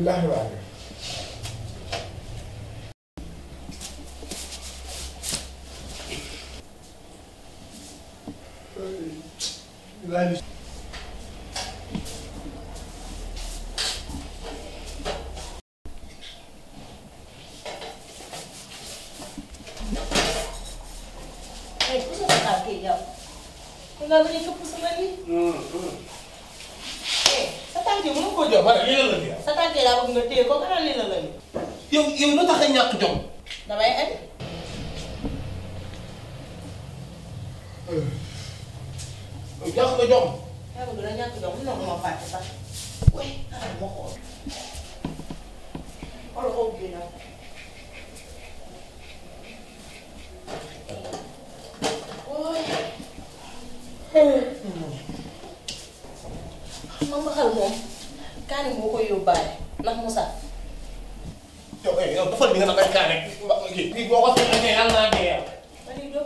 Abdullah Vargas. Lali. Hey, put it back here. Put it back here. Put it back here. tànk yi mënu ko jox wala lii la la lii. sa tànk yi daa bëgg nga téye ko gannaaw lii la la lii. yow yow lu tax a ñàkk jom. damay añ. ñàkk nga jom. yaa ngi bëgg a ñàkk jom mën na ko ma fàtte sax. oui xaaral ma xool. xool xaw ma génn. Mama xel moom. kaani moo koy yóbbaale ndax mu sax. yow eh yow defal li nga def ay kaani kii boo ko fekkee yàlla naa dee yàlla.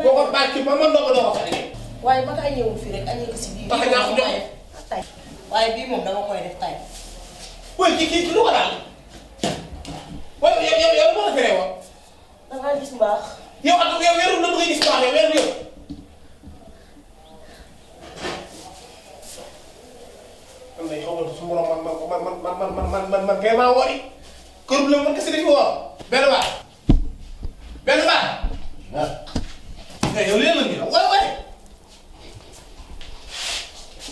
boo ko bàcc ba ma ndogo ndogo fekkee. waaye ba ka ñëwul fii rek añee ko si biir. tax ñaax jox waaye bii moom dama koy def tay. wala kii kii lu ko daal. wala yow yow yow lu ma la gëree woon. da ngaa gis mbaax. yow at yow weeru na ma koy gis mbaax yow weeru yow. su ma man man man man man man man man kay maa woori kër bu la man kese dañu woor benn baax benn baax waaw. Ah. mais eh, yow léeg-léeg ñu ne waaye waaye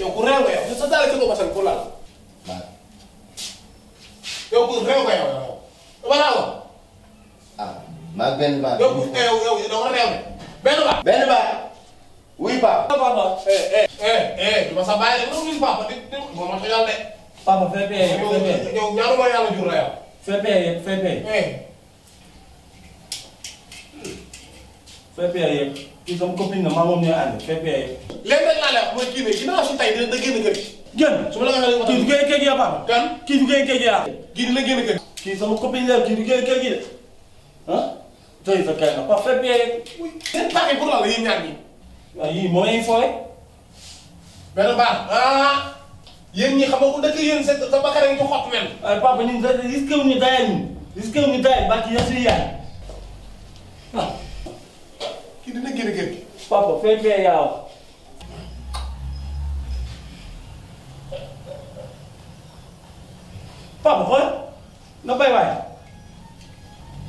yow ku réew nga yow sa daal ci ko seen ku laal waaw yow ku réew nga yow yow dafa laa woon. ah maa benn baax. yow ku eh, yow yow da nga réew benn baax. benn baax. Oui, papa. Papa. Eh, eh, eh, eh, tu vas savoir, non, oui, papa, tu, tu, tu, tu, tu, tu, tu, tu, papa FPE yeeg FPE. yow ñaanuma yàlla jur la yàlla. FPE yeeg FPE. FPE yeeg kii sama copine na maa moom ñooy ànd FPE yeeg. léegi nag laa lay wax mooy kii bi ginnaaw si tey dina da génn kër gi. génn su ma la waxee la kii du génn kër gi papa. kan kii du génn kër gi ah. kii dina génn kër gi. kii sama copine la kii du génn kër gi de ah. tey sa kay na papa FPE yeeg. seen paax yi pour la yéen ñaar ñi. waaw ah, yii moo lay fooy. Eh. benn baax ah. yéen ñi xam nga ku dëkk yéen sa sa bakkan a ngi ci xottu mel. waaye euh, papa ñun sax risqué wu ñu daayal ñu risqué wu ñu daayal bàcc yaa suy yaay waaw. Ah. kii dina génn kër gi. papa fekkee yaa wax. papa xool na bay waay.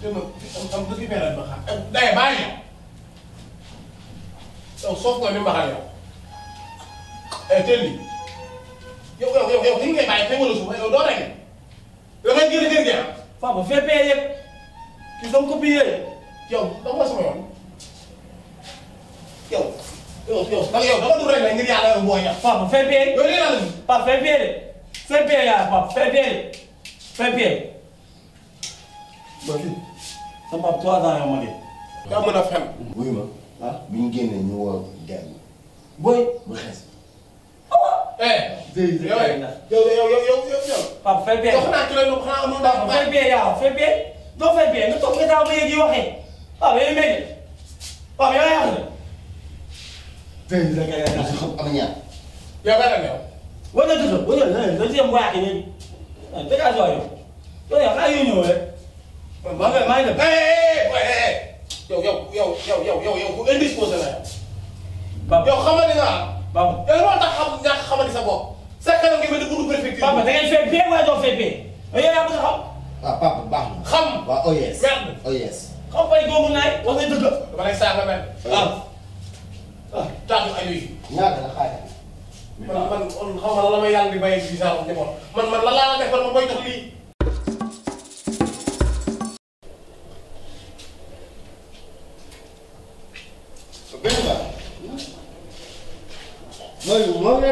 dégg nga am am dëkk benn ba xam. Eh, day bàyyi. donc soof nga ni ma yow. Eh, yow yow yow yow ni ngay bàyyi fay wala suuf yow doo rek dangay génn kër gi ah. Papa feppee yëpp ki sama copie yooyu yow da nga sama yoon yow yow yow da yow da nga dul rek la ngir yàlla yow booy ñaar. Papa feppee. yow lii laa la ñu. Papa feppee de feppee yaa Papa feppee de feppee. ba kii sama papa trois ans yow ma de. daa mën a fen. wuyu ma ah bi ñu génnee ñu woo gars yi booy bu xees. eh. jërëjëf yow yow yow yow yow. Pape fay bee. xanaa ci la ñu xanaa amul ndax. fay bee yaa fay bee doo fay bee nga toog nga taxaw ba yëg yi waxee waaw yow mel ni waaw yow yaa xam ne. jërëjëf yow yaa xam am ñaar. yow yaa xam yow. war na dëgg war na dëgg dëgg yow mu waay yow. ah dëgg yow yow yow xanaa yow ñëw rek. maa ngi lay maa ngi lay. yow yow yow yow yow yow bu indisposé la yow. yow xamadi nga ah. waaw yow li ma tax xam ñàkk xamadi sa bopp. sa kanam gi mel ni buntu préfecture. papa da ngeen fee bee wala doo fee bee yow yaa bëgg a xam. waaw papa baax na. xam waaw oh yes. ñàkk oh yes. xam fay googu naay wax nga dëgg. dama lay saako mel. waaw ah taatu ay yooyu. ñaata la xaaral. man man xaw ma la ma yàlla di bàyyi si saa am njaboot man man lan laa la defal ma koy jox lii. benn ba. mooy lu moom la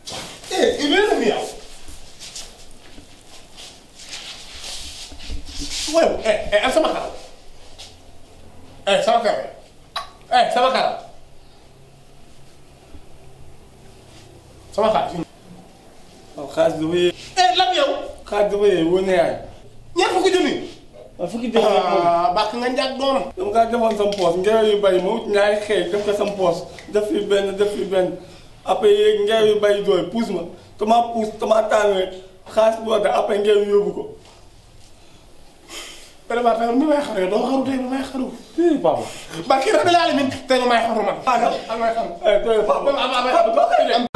sama xaalis. waaw xaalis dafa yee. eh lan yow. xaalis dafa yee wóor na yaay. ñaar fukki junni. waaw fukki junni ah bàq nga njàkk doon. dama ngaa defoon sam poos ngelaw yu bay ma wut ñaari xëy def ko sam poos def fi benn def fi benn après yeeg ngelaw yu bay jooy puus ma te maa puus te maa tànnee xaalis bu war après ngelaw yóbbu ko. vraiment tey mi may xaree doo xaru tey mi may xaru. oui papa. ba kii rek la yàlla mi tey mi may xaru man. waaw waaw waaw waaw waaw waaw